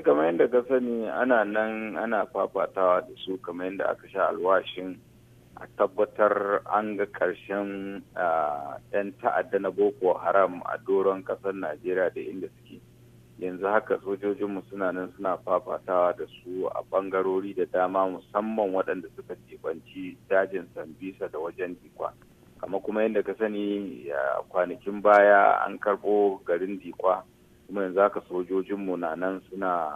dai eh, kamar yadda ka sani ana nan ana fafatawa da su kamar yadda aka sha alwashin a tabbatar an ga ƙarshen 'yan ta'adda na boko haram a doron ƙasar najeriya da inda suke yanzu haka sojojinmu suna nan suna fafatawa da su a ɓangarori da dama musamman waɗanda suka jibanci dajin sambisa da wajen dikwa kama kuma yadda ka sani kwanakin baya an karɓo garin dikwa kuma yanzu haka sojojinmu na nan suna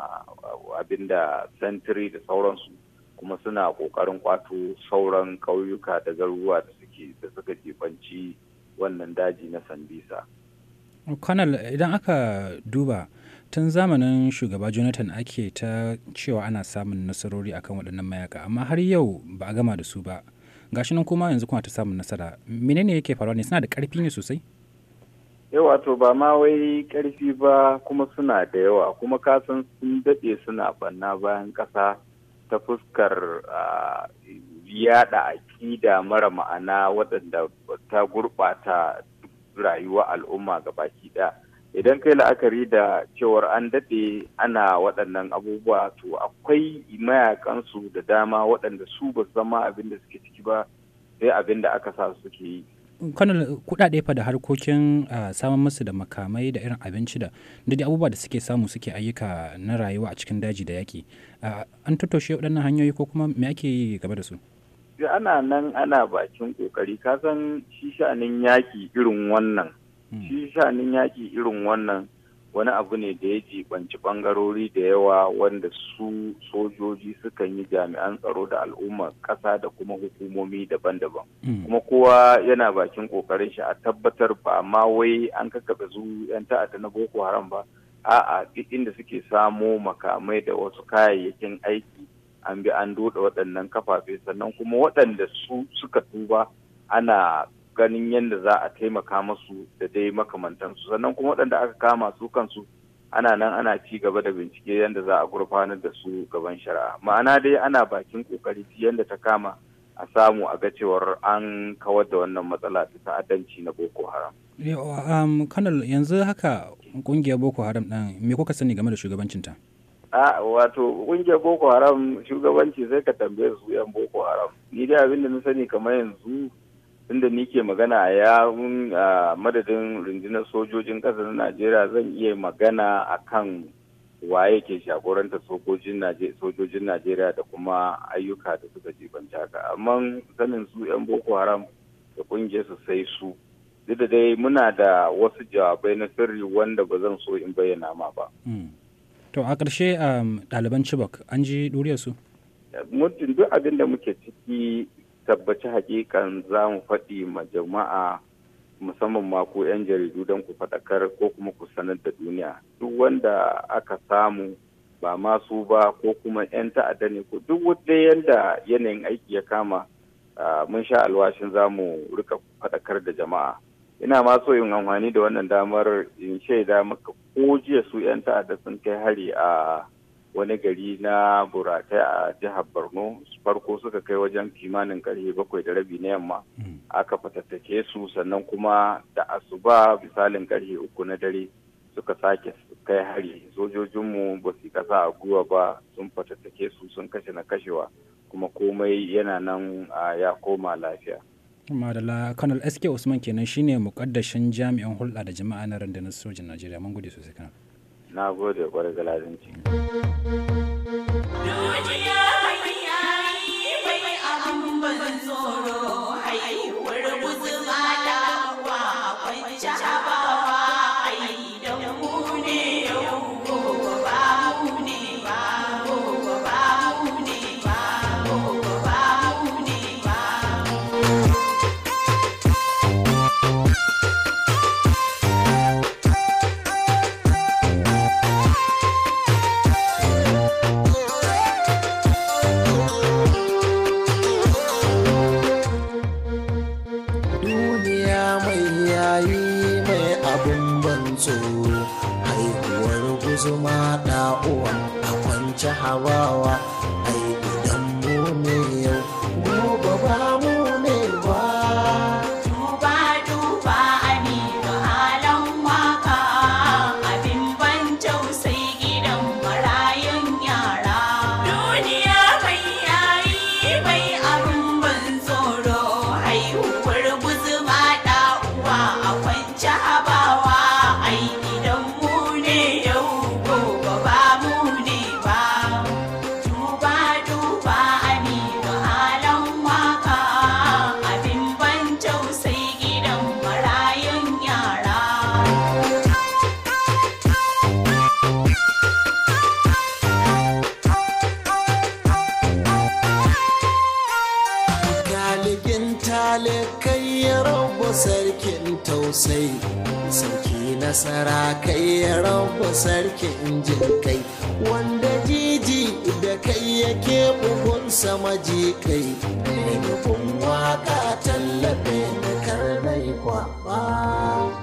uh, abinda sentiri da sauransu kuma suna kokarin kwato sauran ƙauyuka da garuruwa da suke da suka jibanci wannan daji na sambisa Colonel idan aka duba tun zamanin shugaba jonathan ake ta cewa ana samun nasarori akan waɗannan mayaka amma har yau ba a gama da su ba gashi nan kuma yanzu kuma ta samun nasara menene yake faruwa ne suna da ƙarfi ne sosai yawa to ba ma wai karfi ba kuma suna da yawa kuma kasan sun daɗe suna banna bayan ƙasa ta fuskar yada aƙida mara ma'ana waɗanda ta gurɓata rayuwa al'umma ga baki ɗaya idan kai la'akari da cewar an daɗe ana waɗannan abubuwa to akwai mayakansu da dama waɗanda su ba zama abin da suke ciki ba sai abin da aka sa suke yi kanal kudade fa da harkokin samun musu da makamai da irin abinci da da abubuwa da suke samu suke ayyuka na rayuwa a cikin daji da yaki an tattaushe waɗannan hanyoyi ko kuma me ake yi game da su ga ana nan ana bakin kokari ka san shi sha'anin yaki irin wannan hmm. shi sha'anin yaki irin wannan wani abu ne da ya jibanci bangarori da yawa wanda su sojoji sukan yi jami'an tsaro da al'umma ƙasa da kuma hukumomi daban-daban hmm. kuma kowa yana bakin ƙoƙarin shi a tabbatar ba ma wai an kakkaɓe su 'yan ta'adda na boko haram ba a'a duk inda suke samo makamai da wasu kayayyakin aiki an bi an dode waɗannan kafafe sannan kuma waɗanda su suka tuba ana ganin yadda za a taimaka masu da dai makamantansu sannan kuma waɗanda aka kama su kansu ana nan ana ci gaba da bincike yadda za a gurfanar da su gaban shari'a ma'ana dai ana bakin kokari yadda ta kama a samu a ga cewar an kawar da wannan matsala ta ta'addanci na boko haram um, kanal yanzu haka kungiyar boko haram ɗin me kuka sani game da shugabancinta a wato kungiyar boko haram shugabanci sai ka tambaye su yan boko haram ni dai abinda na sani kamar yanzu inda ni ke magana ya madadin rundunar sojojin ƙasar najeriya zan iya magana a kan waye ke shagoranta sojojin najeriya da kuma ayyuka da suka jibanci jaka amma sanin su 'yan boko haram da su sai su duk da dai muna da wasu jawabai na sirri wanda ba zan so in bayyana ma ba. Hmm. To a ƙarshe um, ɗaliban Chibok an ji su. Mutum duk abin da muke ciki tabbaci hakikan za mu faɗi ma jama'a musamman ma ko 'yan jaridu don ku faɗakar ko kuma ku sanar da duniya duk wanda aka samu ba masu ba ko kuma 'yan ta'adda ne ko duk wadda yadda yanayin aiki ya kama mun sha alwashin za mu rika faɗakar da jama'a ina ma so yin amfani da wannan damar in shaida maka ko jiya su 'yan ta'adda sun kai hari a wani gari na buratai a jihar borno farko suka kai wajen kimanin karfe bakwai da rabi na yamma hmm. aka fatattake su sannan kuma da asuba misalin karfe uku na dare suka sake kai hari sojojinmu ba su kasa a guwa ba sun fatattake su sun kashe na kashewa kuma komai yana nan ya koma lafiya madala kanal sk usman kenan shine mukaddashin jami'an hulɗa da jama'a na rundunar sojin najeriya mun gode sosai kanal na gode kwarai ga duniya mai yayi mai abin banzo haihuwar guzuma da uwa a kwanci hawawa kai ya rabu sarkin tausayi sarki nasara kai ya rabu sarkin jin kai wanda jiji da kai yake bugun sama ji kai nufin waka tallafe da karnai kwaba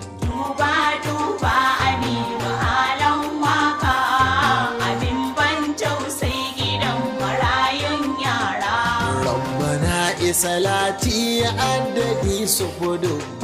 salati ya addabi su gudu.